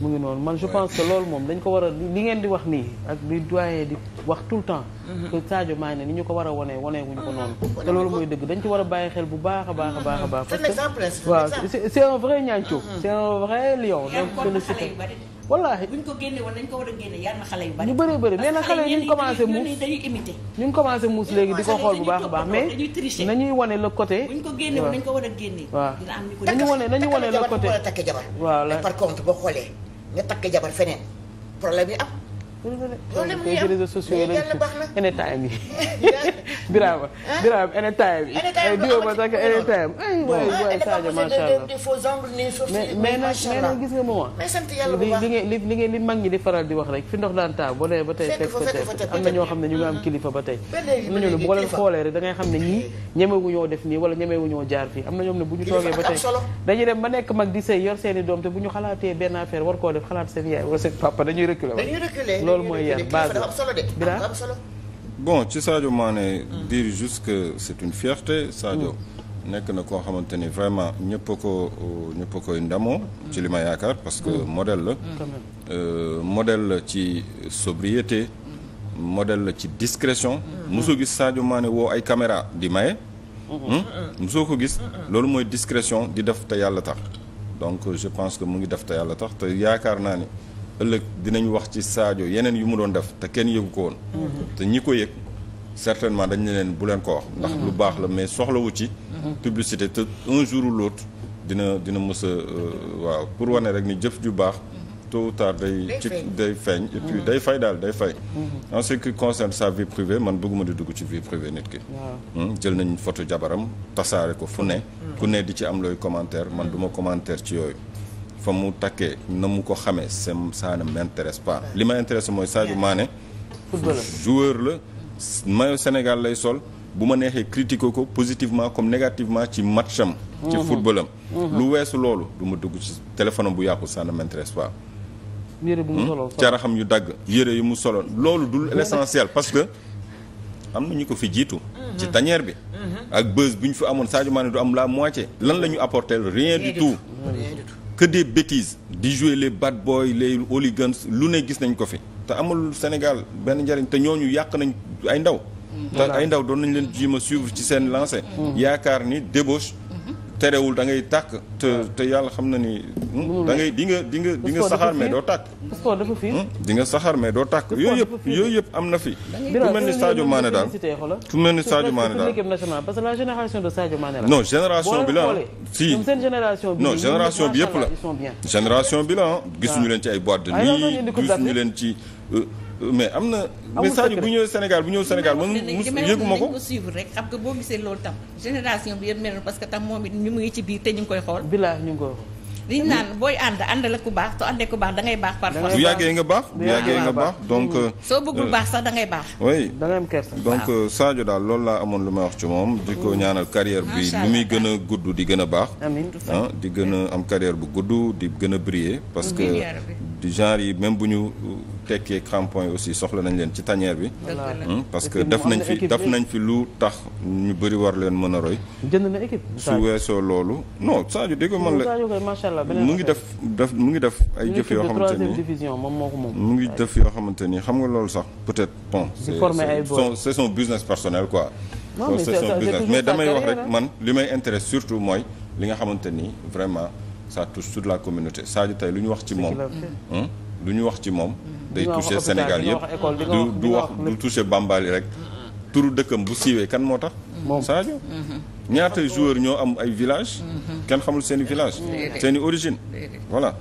mu ngi noonu man je pense que loolu moom dañ ko war a li ngeen di wax nii ak li doyen di wax tout le temps mhm. que Sadio ni ñu ko war a wonee wonee wuñu ko mhm. noonu te loolu mooy dëgg dañ ci war a bàyyi xel bu baax a baax a baax a mhm. baax parce que waaw c'est un vrai ñaanco c'est un vrai lion donc félicité wallaahi a ñu bëree bëri mais nag xale yi ñu ngi commencé muus dañuy ñu ngi commencé muus léegi di ko xool bu baax a baax mais nañuy wane le côté buñ ko génne woon dañ ko war a génne waaw dina am ñu ko nañu wane nañu wane le côté waaw par contre boo xoolee nga takk jabar feneen la yi am loolu réseaux sociaux yi lañ anytime yi. Birama Birama ah. anytime yi. Eh, diwa ma sax anytime. ay waay ah, waay Sadio macha allah mais mais nag mais nag gis nga moom li li li ngeen li mag ñi di faral di wax rek fi ndox daan taa boo nee ba tey fekk fa tey am na ñoo xam ne ñu ngi am kilifa ba tey. am na ñoo ne boo leen xoolee rek xam ne ñii ñemewu ñoo def nii wala ñemewu ñoo jaar fii am na ñoom ne bu ñu toogee ba tey dañuy dem ba nekk mag di sëy yor seen doom te bu ñu xalaatee benn affaire war xalaat seen yaay wala seen loolu mooy yar base bon ci Sadio Mané hmm. dire juste que c'est une fierté Sadio hmm. nekk na koo xamante ni vraiment ñëpp ko ñëpp a koy ndamoo ci li ma yaakaar parce que hmm. modèle la euh, modèle la ci sobriété model la ci discrétion mosoo gis Sadio Mané woo ay caméra di maye soo ko gis loolu mooy discrétion di def te yàlla tax donc je pense que mu ngi def te yàlla tax te yaakaar naa ni ëllëg dinañ wax ci Sadio yeneen yi mu doon def te kenn yëgu ko woon. te ñi ko yëg certainement dañ ne leen bu leen ko wax. ndax lu baax la mais soxlawu ci. publicité te un jour ou l'autre dina dina mës a euh, waaw pour wane rek ni jëf ju baax. tôt ou tard day ci day feeñ et puis day fay daal day fay mm-hmm. en ce qui concerne sa vie privée man bëgguma di dugg ci vie privée nit ki hmm, jël nañu photo jabaram tasaare ko fu ne mm-hmm. ku ne di ci am looy commentaire man du ma commentaire ci yooyu fa mu takkee na mu ko xamee ça ça ne pas li ma intéresse mooy Sadio Mané joueur la maillot Sénégal lay sol bu ma neexee critiquer ko positivement comme négativement ci matcham ci mhm. footballam mhm. lu weesu loolu du ma dugg ci téléphone bu yàqu ça ne m'intéresse pas yére bu mu hmm? soloon yu dagg yére yu mu soloon loolu dul l'essentiel parce que am na ñu ko fi jiitu mhm. ci tanière bi ak buzz bu ñu fi amoon Sadio Mané du am la moitié lan la ñu apporter rien du tout que des bêtises di jouer les bad boys les hooligans lu ne gis nañ ko fi te amul Sénégal benn njariñ te ñoo ñu yàq nañ ay ndaw te ay ndaw doon nañ leen jéem a suivre ci seen lancé mm-hmm. yaakaar ni débauche mm-hmm. terewul da ngay tàkk te te yàlla xam na ni da ngay di nga di nga di nga hmm? saxaar mais doo tàkk di saxaar mais doo tàkk yooyu yëpp yooyu yëpp am na fi ku mel ni Sadio Mané daal ku mel ni Sadio Mané daal parce que la génération de Sadio Mané la non génération bi la ah, si non génération bi yëpp la génération bi la ah. gisuñu leen ci ay boîte de nuit gisuñu leen ci euh, mais am na mais bu ñëw Sénégal bu ñëw Sénégal ko moom it ñu ngi liñ naan booy ànd la ku baax te àndee ku baax dangay ngay baax parfois. bu yàggee nga baax bu yàggee nga baax donc. Hmm. soo bëggul euh, baax sax dangay baax. oui da ngay donc Sadio daal loolu laa amoon lu may wax ci moom. di ko hmm. ñaanal carrière bi lu muy gën a gudd di gën a baax. amiin ah, di gën a am carrière bu gudd di gën a briller parce que du genre yi même bu ñu tekkee crampon yi aussi soxla nañ leen ci tanière bi. Hmm, parce que def nañ fi def nañ fi lu tax ñu bëri war leen mën a roy. jënd na équipe. su weesoo loolu. non Sadio dégg man la mu ngi def def mu ngi def ay jëf yoo xamante ni mu ngi def yoo xamante nii xam nga loolu sax peut-être bon. c'est c'est son business personnel quoi. non mais c'est business mais damay wax rek man li may intéresse surtout mooy li nga xamante ni vraiment. sa touche toute la communauté Sadio tey lu ñu wax ci moom hmm? lu ñu wax ci moom day toucher Sénégal yëpp du du wax du toucher Bambali rek turu dëkkam bu siiwee kan moo tax Sadio mhm. ñaata joueur ñoo am ay village mhm. kenn xamul seen i village seeni i origine voilà